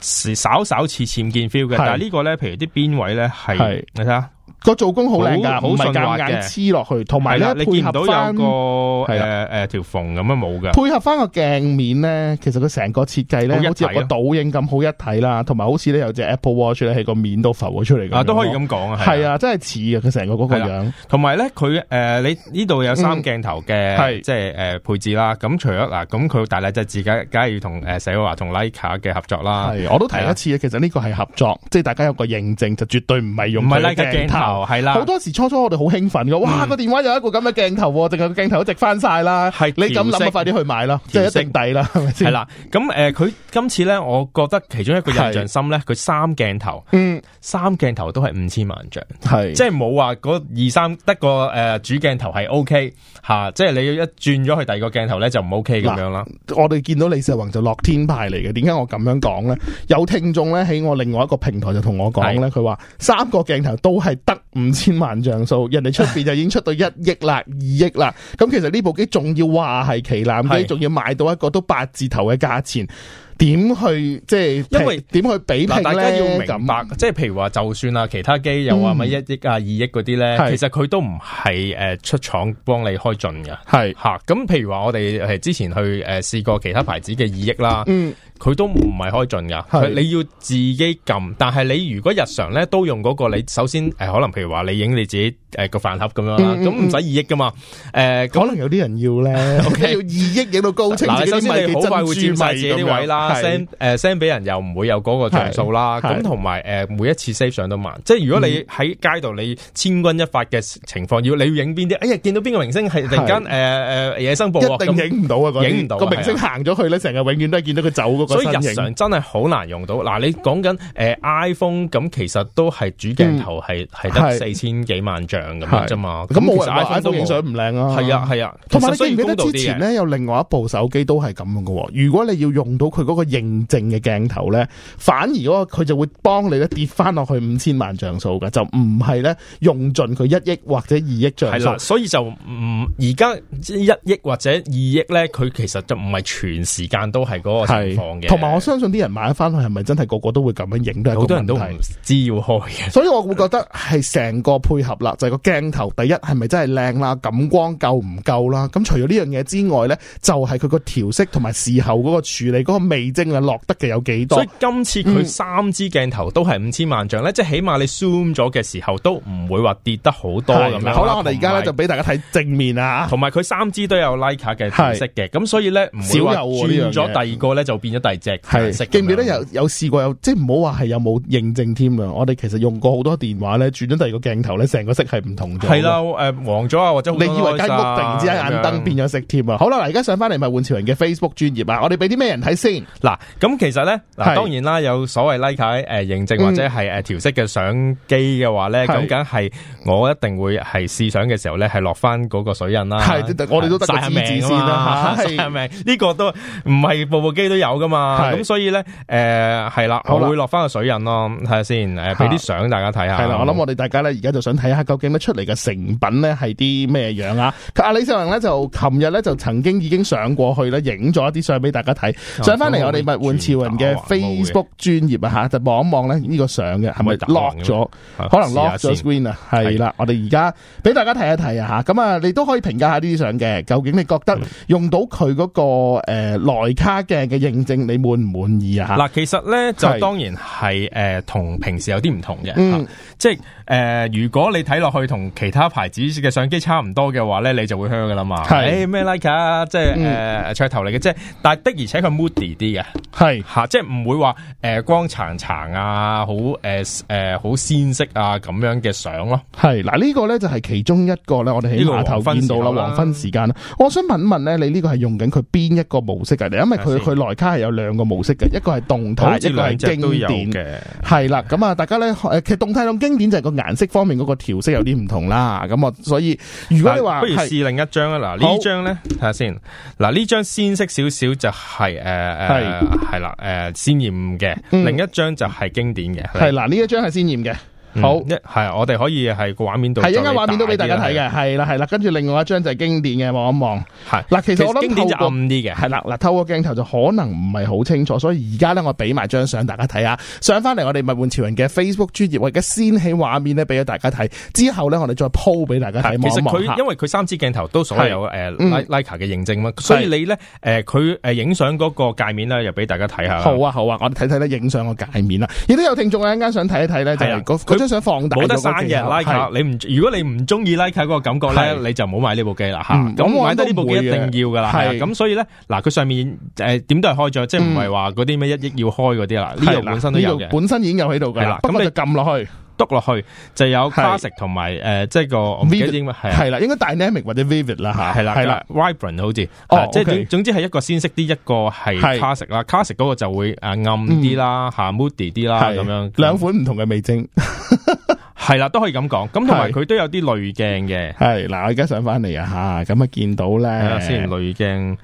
係稍稍似閃電 feel 嘅。但係呢個咧，譬如啲邊位咧係，你睇下。個做工好靚㗎，好順滑嘅，黐落去，同埋咧你見到有個，誒誒條縫咁啊冇㗎。配合翻個鏡面咧，其實佢成個設計咧，好似個倒影咁好一體啦。同埋好似咧，有隻 Apple Watch 呢，係個面都浮咗出嚟㗎。啊，都可以咁講啊，係啊，真係似啊，佢成個嗰個樣。同埋咧，佢誒，你呢度有三鏡頭嘅，即係誒配置啦。咁除咗嗱，咁佢大咧就係，自解梗係要同誒同 Leica 嘅合作啦。我都提一次啊。其實呢個係合作，即係大家有個認證，就絕對唔係用 Leica 鏡頭。係啦，好多時初初我哋好興奮噶哇個電話有一個咁嘅鏡頭，淨係個鏡頭一直翻晒啦。係，你咁諗啊，快啲去買啦，即係一定抵啦。係咪先？係啦，咁誒，佢今次咧，我覺得其中一個印象深咧，佢三鏡頭，嗯，三鏡頭都係五千萬像，係，即係冇話嗰二三得個誒主鏡頭係 O K 吓，即係你要一轉咗去第二個鏡頭咧就唔 O K 咁樣啦。我哋見到李世宏就落天派嚟嘅。點解我咁樣講咧？有聽眾咧喺我另外一個平台就同我講咧，佢話三個鏡頭都係得。五千萬像素，人哋出邊就已經出到一億啦、 二億啦，咁其實呢部機仲要話係旗艦機，仲是要賣到一個都八字頭嘅價錢，點去即係？因為點去比拼呢？大家要明白樣即係譬如話，就算啊，其他機又話，咪一億啊、二億嗰啲呢，其實佢都唔係誒出廠幫你開盡嘅，係吓。咁譬如話，我哋係之前去誒試過其他牌子嘅二億啦，嗯。佢都唔係開盡噶，你要自己撳。但係你如果日常咧都用嗰個，你首先誒可能譬如話你影你自己誒個飯盒咁樣啦，咁唔使二億噶嘛？誒，可能有啲人要咧，要二億影到高清嗱。首先你好快會佔晒自己啲位啦 s 誒 send 俾人又唔會有嗰個像素啦。咁同埋誒每一次 save 上都慢。即係如果你喺街度你千鈞一發嘅情況，要你要影邊啲？哎呀，見到邊個明星係突然間誒誒野生捕獲一定影唔到啊！影唔到個明星行咗去咧，成日永遠都係見到佢走嗰。所以日常真係好難用到嗱。啊，你講緊誒 iPhone 咁，其實都係主鏡頭係係得四千幾萬像咁啫嘛。咁冇人 iPhone 影相唔靚啊，係啊係啊。同埋你記唔記得之前咧有另外一部手機都係咁樣噶？如果你要用到佢嗰個認證嘅鏡頭咧，反而嗰個佢就會幫你咧跌翻落去五千萬像素㗎，就唔係咧用盡佢一億或者二億像素。係啦。啊，所以就唔而家一億或者二億咧，佢其實就唔係全時間都係嗰個情況。同埋我相信啲人買咗翻去係咪真係個個都會咁樣影？都係好多人都唔知要開，所以我會覺得係成個配合啦，就係個鏡頭第一係咪真係靚啦，感光夠唔夠啦？咁除咗呢樣嘢之外咧，就係佢個調色同埋事後嗰個處理嗰個味精啊落得嘅有幾多？所以今次佢三支鏡頭都係五千萬像咧，即係、嗯嗯、起碼你 zoom 咗嘅時候都唔會話跌得好多咁樣。好啦，我哋而家咧就俾大家睇正面啊，同埋佢三支都有 Leica 嘅調色嘅，咁的所以咧唔會轉咗第二個咧、嗯、就變咗。係只係色，記唔記得有有試過有，即係唔好話係有冇認證添啊！我哋其實用過好多電話咧，轉咗第二個鏡頭咧，成個色係唔同嘅。係啦，誒、呃，黃咗啊，或者、啊、你以為間屋突然之間盞燈變咗色添啊？好啦，嗱，而家上翻嚟咪換潮人嘅 Facebook 專頁啊！我哋俾啲咩人睇先？嗱，咁其實咧，嗱，當然啦，有所謂 like 誒、啊呃、認證或者係誒調色嘅相機嘅話咧，咁梗係我一定會係試相嘅時候咧，係落翻嗰個水印啦。係，我哋都得個名先啦，得個名，呢、 這個都唔係部部機都有噶嘛。咁是所以咧，誒、呃、係啦，我會落翻個水印咯，睇下先，誒俾啲相大家睇下。係啦的好，我諗我哋大家咧而家就想睇下究竟乜出嚟嘅成品咧係啲咩樣啊？阿李兆宏咧就琴日咧就曾經已經上過去咧影咗一啲相俾大家睇，哦、上翻嚟我哋物玩潮人嘅 Facebook 專頁啊就望一望咧呢個相嘅，係咪落咗？可能落咗 screen 啊？係啦，的的我哋而家俾大家睇一睇啊嚇，咁啊你都可以評價下呢啲相嘅，究竟你覺得用到佢嗰、那個誒、呃、萊卡鏡嘅認證？你滿唔滿意啊？嗱，其實咧就當然係誒，同是、呃、平時有啲唔同嘅、嗯啊，即係誒、呃，如果你睇落去同其他牌子嘅相機差唔多嘅話咧，你就會香噶啦嘛。係咩是、欸、like 啊？即係誒，噱、呃嗯、頭嚟嘅，即係，但係的而且佢 moody 啲嘅，係吓是、啊，即係唔會話誒、呃、光澄澄啊，好誒誒好鮮色啊咁樣嘅相咯。係嗱，呢、這個咧就係其中一個咧，我哋喺碼頭見到啦黃昏時間啦。我想問一問咧，你呢個係用緊佢邊一個模式嘅、啊？因為佢佢內卡係有。兩個模式嘅，一個係動態，一個係經典嘅。係啦，咁啊，大家咧，誒，其實動態咁經典就係個顏色方面嗰個調色有啲唔同啦。咁啊，所以如果你話，不如試另一張啊。嗱，呢張咧睇下先。嗱，呢張鮮色少少就係誒係係啦，誒鮮艷嘅。另一張就係經典嘅。係嗱，呢一張係鮮艷嘅。好一係、嗯、我哋可以係個畫面度係一間畫面都俾大家睇嘅，係啦係啦，跟住另外一張就係經典嘅，望一望。係嗱，的其實我覺得經典就暗啲嘅。係啦，嗱，透過鏡頭就可能唔係好清楚，所以而家咧我俾埋張相大家睇下。上翻嚟我哋物玩潮人嘅 Facebook 專頁，或者掀起畫面咧俾咗大家睇，之後咧我哋再鋪俾大家睇。其實佢因為佢三支鏡頭都所有誒 Leica 嘅認證嘛，所以你咧誒佢誒影相嗰個界面咧又俾大家睇下。的好啊好啊，我哋睇睇咧影相個界面啦。亦都有聽眾一間想睇一睇咧就係冇得刪嘅 Leica 你唔如果你唔中意 Leica 嗰個感覺咧，你就唔好買呢部機啦吓。咁買得呢部機一定要噶啦。係咁，所以咧嗱，佢上面誒點都係開咗，即係唔係話嗰啲咩一億要開嗰啲啦。呢度本身都有嘅，本身已經有喺度㗎啦，咁你撳落去。篤落去就有 classic 同埋誒，即係個 vivid 係啦，應該 dynamic 或者 vivid 啦嚇，係啦係啦，vibrant 好似，即係總總之係一個鮮色啲，一個係 classic 啦，classic 嗰個就會誒暗啲啦嚇，moody 啲啲啦咁樣，兩款唔同嘅味精係啦，都可以咁講，咁同埋佢都有啲濾鏡嘅，係嗱，我而家上翻嚟啊嚇，咁啊見到咧先濾鏡，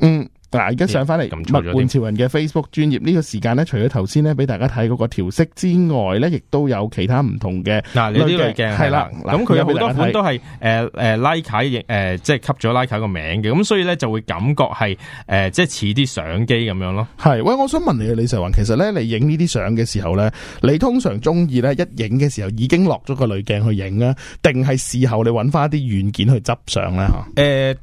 嗯。嗱，而家上翻嚟《咁物玩潮人嘅 Facebook 專業呢、這個時間咧，除咗頭先咧俾大家睇嗰個調色之外咧，亦都有其他唔同嘅嗱、啊，呢啲濾鏡係啦。咁佢有好多款都係誒誒萊卡亦誒即係吸咗萊卡個名嘅，咁所以咧就會感覺係誒、呃、即係似啲相機咁樣咯。係，喂，我想問你啊，李石云，其實咧你影呢啲相嘅時候咧，你通常中意咧一影嘅時候已經落咗個濾鏡去影咧，定係事後你揾翻一啲軟件去執相咧？吓誒、呃。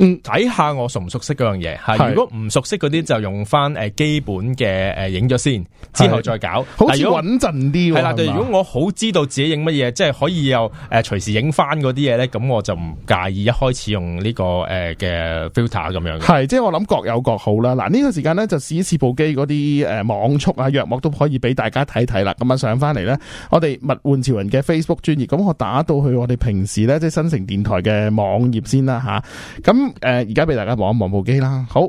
嗯，睇下我熟唔熟悉嗰樣嘢，係如果唔熟悉嗰啲就用翻誒基本嘅誒影咗先，之後再搞，好穩陣啲。係啦，就如果我好知道自己影乜嘢，即係可以又誒隨時影翻嗰啲嘢咧，咁我就唔介意一開始用呢個誒嘅 filter 咁樣。係，即係我諗各有各好啦。嗱呢個時間咧就試一試部機嗰啲誒網速啊、約網都可以俾大家睇睇啦。咁啊上翻嚟咧，我哋物玩潮人嘅 Facebook 專頁，咁我打到去我哋平時咧即係新城電台嘅網頁先啦，吓咁。誒，而家俾大家望一望部機啦，好。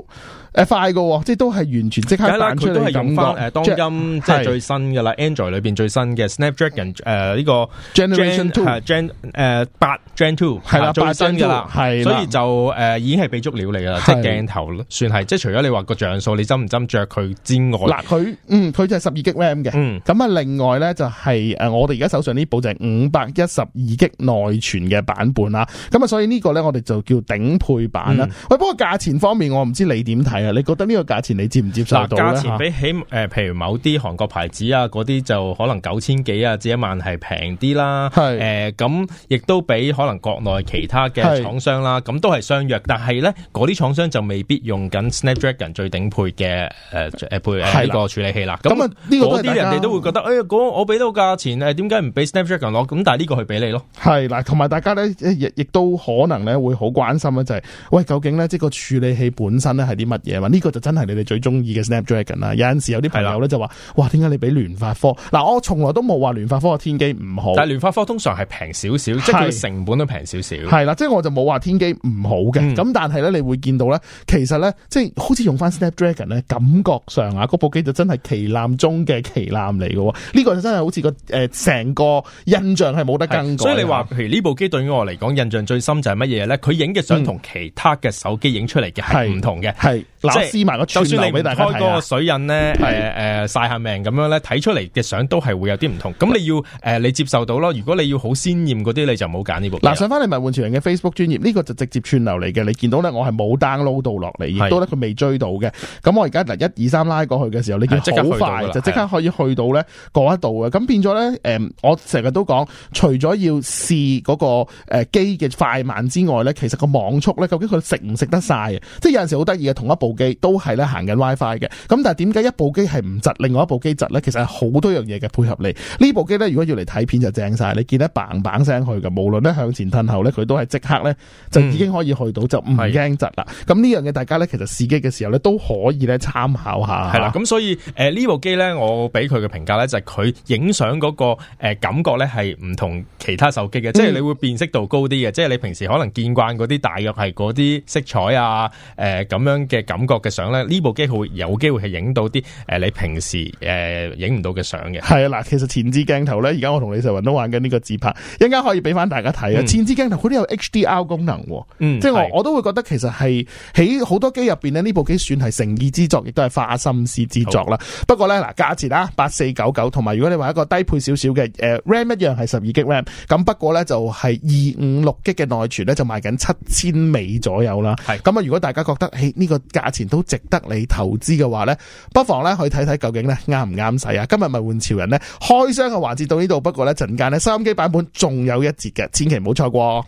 誒，快喎，即係都係完全即刻眼出對感覺咁誒，當今即係最新嘅啦是，Android 裏邊最新嘅 Snapdragon 誒、呃、呢、這個 Gen, Generation 2, 啊、Gen 誒、呃、八 Gen Two 係啦，最新噶啦，係所以就誒、呃、的已經係備足料嚟噶啦，即係鏡頭算係，即係除咗你話個像素你針唔針着佢之外，嗱佢嗯佢就係十二 G RAM 嘅，咁啊、嗯、另外咧就係、是、誒、呃、我哋而家手上呢部就係五百一十二 G 內存嘅版本啦，咁啊所以個呢個咧我哋就叫頂配版啦。喂、嗯，不過價錢方面我唔知你點睇。你覺得呢個價錢你接唔接受到咧？價錢比起誒，譬、呃、如某啲韓國牌子啊，嗰啲就可能九千幾啊，至萬是便宜一萬係平啲啦。係誒是，咁亦、呃、都比可能國內其他嘅廠商啦，咁是都係相若。但係咧，嗰啲廠商就未必用緊 Snapdragon 最頂配嘅誒、呃呃、配個、呃這個處理器啦。咁啊的，呢個嗰啲人哋都會覺得誒，嗰、哎那個、我俾到價錢誒，點解唔俾 Snapdragon 攞？咁但係呢個去俾你咯。係嗱，同埋大家咧亦亦都可能咧會好關心咧、就是，就係喂，究竟咧即係個處理器本身咧係啲乜嘢？呢個就真係你哋最中意嘅 Snapdragon 啦。有陣時有啲朋友咧就話：，哇，點解你俾聯發科？嗱、啊，我從來都冇話聯發科天機唔好，但係聯發科通常係平少少，即係是佢成本都平少少。係啦，即係我就冇話天機唔好嘅。咁、嗯、但係咧，你會見到咧，其實咧，即係好似用翻 Snapdragon 咧，感覺上啊，嗰部機就真係旗艦中嘅旗艦嚟嘅喎。呢、呢個就真係好似個成個印象係冇得更改。所以你話，譬如呢部機對於我嚟講印象最深就係乜嘢咧？佢影嘅相同其他嘅手機影出嚟嘅係唔同嘅，係即係、就是，就算你開嗰個水印咧，誒誒、 呃、曬下命咁樣咧，睇出嚟嘅相都係會有啲唔同。咁 你要誒、呃、你接受到咯。如果你要好鮮豔嗰啲，你就冇揀呢部。嗱，上翻嚟咪衆潮人嘅 Facebook 專頁，呢、這個就直接串流嚟嘅。你見到咧，我係冇 download 到落嚟，亦都咧佢未追到嘅。咁我而家嗱，一二三拉過去嘅時候，你見好快就即刻可以去到咧嗰一度嘅。咁變咗咧，誒、嗯，我成日都講，除咗要試嗰個誒機嘅快慢之外咧，其實個網速咧，究竟佢食唔食得晒啊？即係有陣時好得意嘅同一部。部機都係咧行緊 WiFi 嘅，咁但係點解一部機係唔窒，另外一部機窒呢？其實係好多樣嘢嘅配合嚟。呢部機呢，如果要嚟睇片就正晒，你見得棒棒聲去嘅，無論咧向前褪後咧，佢都係即刻咧就已經可以去到，嗯、就唔驚窒啦。咁呢樣嘅，大家咧其實試機嘅時候咧都可以咧參考下。係啦，咁所以誒呢、呃、部機呢，我俾佢嘅評價呢，就係佢影相嗰個誒感覺呢，係唔同其他手機嘅、嗯，即係你會辨識度高啲嘅，即係你平時可能見慣嗰啲大約係嗰啲色彩啊，誒、呃、咁樣嘅感覺。感覺嘅相咧，呢部機佢會有機會係影到啲誒、呃，你平時誒影唔到嘅相嘅。係啊，嗱，其實前置鏡頭咧，而家我同李世雲都玩緊呢個自拍，一陣間可以俾翻大家睇啊。嗯、前置鏡頭佢都有 HDR 功能，嗯，即係我的我都會覺得其實係喺好多機入邊呢，呢部機算係誠意之作，亦都係花心思之作啦。的不過咧，嗱，價錢啊，八四九九，同埋如果你話一個低配少少嘅，誒、呃、RAM 一樣係十二 GB RAM，咁不過咧就係二五六 G 嘅內存咧就賣緊七千美左右啦。咁啊的，如果大家覺得誒呢、這個價，價錢都值得你投資嘅話呢不妨呢去睇睇究竟呢啱唔啱使啊！今日咪換潮人呢？開箱嘅環節到呢度，不過呢陣間呢，收音機版本仲有一節嘅，千祈唔好錯過。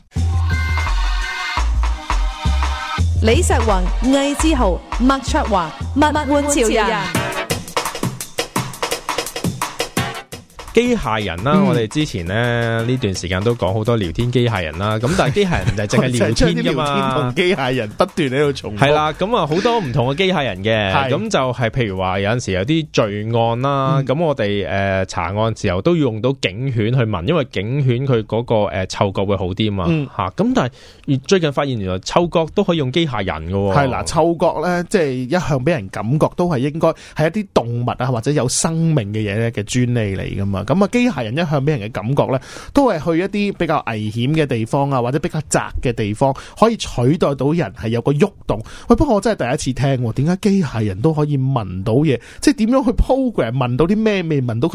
李石云、魏志豪、麥卓華、麥換潮人。機械人啦，嗯、我哋之前咧呢段時間都講好多聊天機械人啦，咁、嗯、但係機械人就淨係聊天噶嘛，同機械人不斷喺度重複。係啦，咁啊好多唔同嘅機械人嘅，咁是就係譬如話有陣時有啲罪案啦，咁、嗯、我哋誒、呃、查案時候都要用到警犬去聞，因為警犬佢嗰、嗰個誒嗅覺會好啲啊嘛，吓、嗯，咁、啊、但係最近發現原來嗅覺都可以用機械人嘅。係啦，嗅覺咧即係一向俾人感覺都係應該係一啲動物啊或者有生命嘅嘢咧嘅專利嚟噶嘛。咁啊，機械人一向俾人嘅感覺咧，都係去一啲比較危險嘅地方啊，或者比較窄嘅地方，可以取代到人係有個喐動。喂，不過我真係第一次聽，點解機械人都可以聞到嘢？即係點樣去 program 聞到啲咩味？聞到佢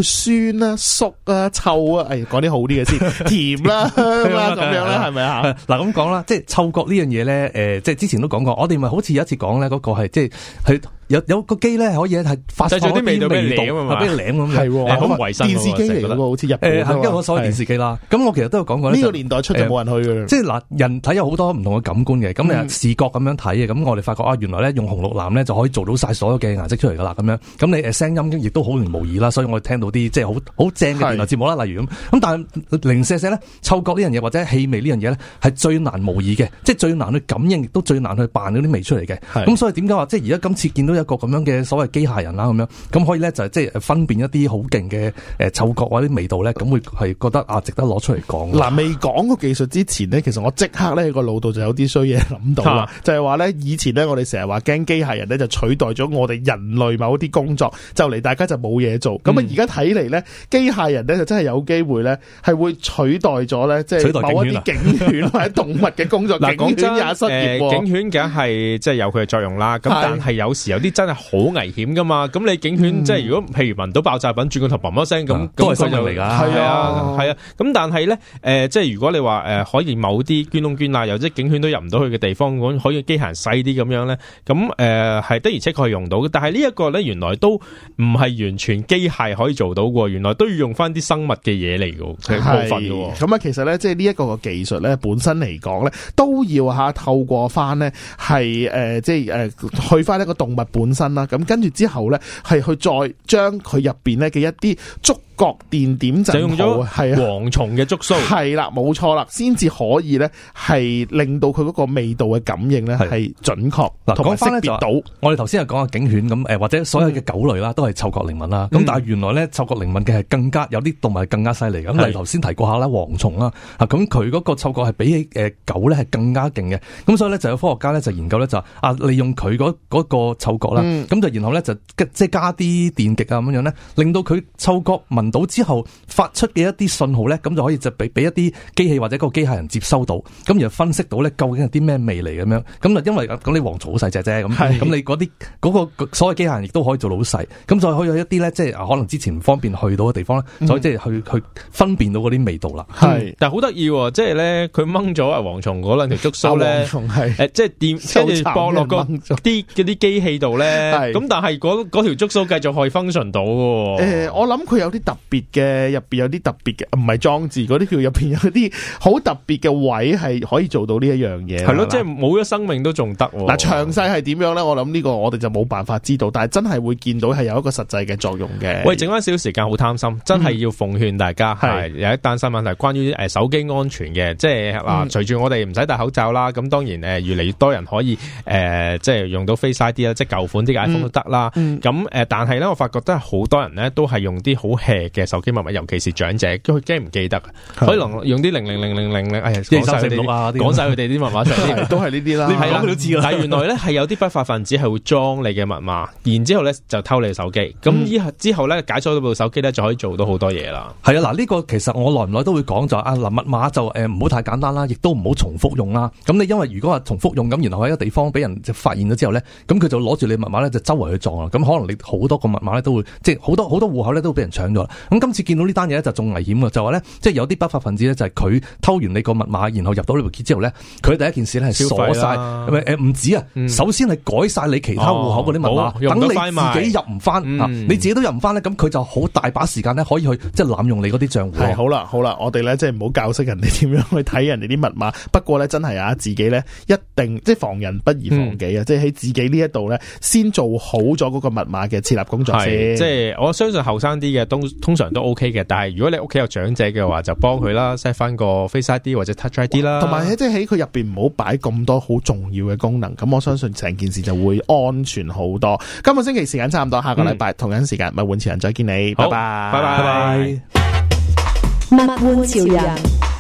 酸啊、熟啊、臭啊？哎，講啲好啲嘅先，甜啦咁 甜樣啦，係咪啊？嗱樣，咁講啦，即係嗅覺呢樣嘢咧，誒、呃，即係之前都講過，我哋咪好似有一次講咧，嗰個係即係去。有有個機咧，可以係發曬啲味味嚟啊嘛，俾你咁樣，係喎，好衞生喎。電視機嚟啦，好似日本，因為我所有電視機啦。咁我其實都有講過呢個年代出就冇人去嘅。即係嗱，人體有好多唔同嘅感官嘅，咁你視覺咁樣睇嘅，咁我哋發覺啊，原來咧用紅綠藍咧就可以做到晒所有嘅顏色出嚟噶啦，咁樣。咁你誒聲音亦都好容易模擬啦，所以我聽到啲即係好好正嘅電台節目啦，例如咁。咁但係零舍舍咧，嗅覺呢樣嘢或者氣味呢樣嘢咧，係最難模擬嘅，即係最難去感應，亦都最難去扮到啲味出嚟嘅。咁所以點解話即係而家今次見到？一個咁樣嘅所謂機械人啦，咁樣咁可以咧，就即係分辨一啲好勁嘅誒嗅覺或者味道咧，咁會係覺得啊，值得攞出嚟講。嗱，未講個技術之前呢，其實我即刻咧個腦度就有啲衰嘢諗到啦，啊、就係話咧以前咧我哋成日話驚機械人咧就取代咗我哋人類某啲工作，就嚟、啊、大家就冇嘢做。咁啊而家睇嚟咧，機械人咧就真係有機會咧係會取代咗咧即係某一啲警犬、啊、或者動物嘅工作。嗱、啊，警犬也失業喎，誒警犬梗係即係有佢嘅作用啦。咁、嗯、但係有時有啲啲真係好危險噶嘛，咁你警犬、嗯、即係如果譬如聞到爆炸品，轉個頭叭叭聲咁，都係新嚟噶。係啊，係啊，咁但係咧，誒、呃，即係如果你話誒、呃、可以某啲捐窿捐罅，又即係警犬都入唔到去嘅地方，可以機械人細啲咁樣咧，咁誒係的而且確係用到，但係呢一個咧原來都唔係完全機械可以做到嘅，原來都要用翻啲生物嘅嘢嚟嘅，部分咁啊，其實咧即係呢一個嘅技術咧本身嚟講咧都要吓透過翻咧係誒即係誒去翻一個動物。本身啦，咁跟住之後咧，係去再將佢入邊咧嘅一啲足。角電點就用咗係蝗蟲嘅觸鬚，係、啊啊、啦，冇錯啦，先至可以咧，係令到佢嗰個味道嘅感應咧，係準確嗱，講翻咧到我哋頭先係講下警犬咁，誒或者所有嘅狗類啦，都係嗅覺靈敏啦。咁但係原來咧，嗅覺靈敏嘅係更加有啲動物係更加犀利嘅。咁例如頭先提過下啦，蝗蟲啦，啊咁佢嗰個嗅覺係比起誒狗咧係更加勁嘅。咁所以咧就有科學家咧就研究咧就利用佢嗰嗰個嗅覺啦，咁就、嗯、然後咧就即係加啲電極啊咁樣咧，令到佢嗅覺到之後發出嘅一啲信號咧，咁就可以就俾俾一啲機器或者嗰個機械人接收到，咁然後分析到咧究竟係啲咩味嚟咁樣，咁啊因為咁，是那你蝗蟲好細隻啫，咁咁你嗰啲嗰個所謂機械人亦都可以做到好細，咁所以可以有一啲咧，即係可能之前唔方便去到嘅地方咧，嗯、所以即係去去分辨到嗰啲味道啦。係，嗯、但係好得意，即係咧佢掹咗阿蝗蟲嗰兩條觸鬚咧，誒、呃，即係電跟住駁落啲嗰啲機器度咧，咁但係嗰嗰條觸鬚繼續可以 function 到嘅、哦。誒、呃，我諗佢有啲特別嘅入邊有啲特別嘅，唔係裝置，嗰啲叫入邊有啲好特別嘅位係可以做到呢一樣嘢，係咯了，吧即係冇咗生命都仲得、啊。嗱、啊，詳細係點樣咧？我諗呢個我哋就冇辦法知道，但係真係會見到係有一個實際嘅作用嘅。喂，整翻少少時間，好貪心，真係要奉勸大家係、嗯、是有一單新聞係關於誒手機安全嘅，即係話隨住我哋唔使戴口罩啦，咁當然誒越嚟越多人可以誒、呃、即係用到 Face ID 啦，即係舊款啲 iPhone 都得啦。咁、嗯、誒，但係咧我發覺真係好多人咧都係用啲好嘅手機密碼，尤其是長者，佢驚唔記得，可能的用啲零零零零零，哎呀，講晒啲密碼，講晒佢哋啲密碼，就都係呢啲啦， 但原來咧係有啲不法分子係會裝你嘅密碼，然之後咧就偷你嘅手機，咁之後咧解鎖到部手機咧，就可以做到好多嘢啦。係啊，嗱、這、呢個其實我耐唔耐都會講就係啊，嗱密碼就誒唔好太簡單啦，亦都唔好重複用啦。咁你因為如果話重複用咁，然後喺一個地方俾人就發現咗之後咧，咁佢就攞住你密碼咧就周圍去撞啦。咁可能你好多個密碼咧都會即係好多好多戶口咧都俾人搶咗。咁今次見到呢單嘢咧就仲危險嘅，就話咧即係有啲不法分子咧就係佢偷完你個密碼，然後入到呢部 k 之後咧，佢第一件事咧係鎖曬，誒唔止啊，嗯嗯、首先係改晒你其他戶口嗰啲密碼，等、哦、你自己入唔翻、嗯、你自己都入唔翻咧，咁佢就好大把時間咧可以去即係濫用你嗰啲賬戶。好啦，好啦，我哋咧即係唔好教識人哋點樣去睇人哋啲密碼。不過咧真係啊，自己咧一定即係防人不如防己啊，即係喺自己呢一度咧先做好咗嗰個密碼嘅設立工作先是。即係我相信後生啲嘅都。通常都 OK 嘅，但係如果你屋企有長者嘅話，就幫佢啦，set 翻個 Face ID 或者 Touch ID 啦。同埋，即係喺佢入邊唔好擺咁多好重要嘅功能，咁我相信成件事就會安全好多。今個星期時間差唔多，下個禮拜、嗯、同樣時間物玩潮人再見你，拜拜拜拜拜，物玩拜潮人。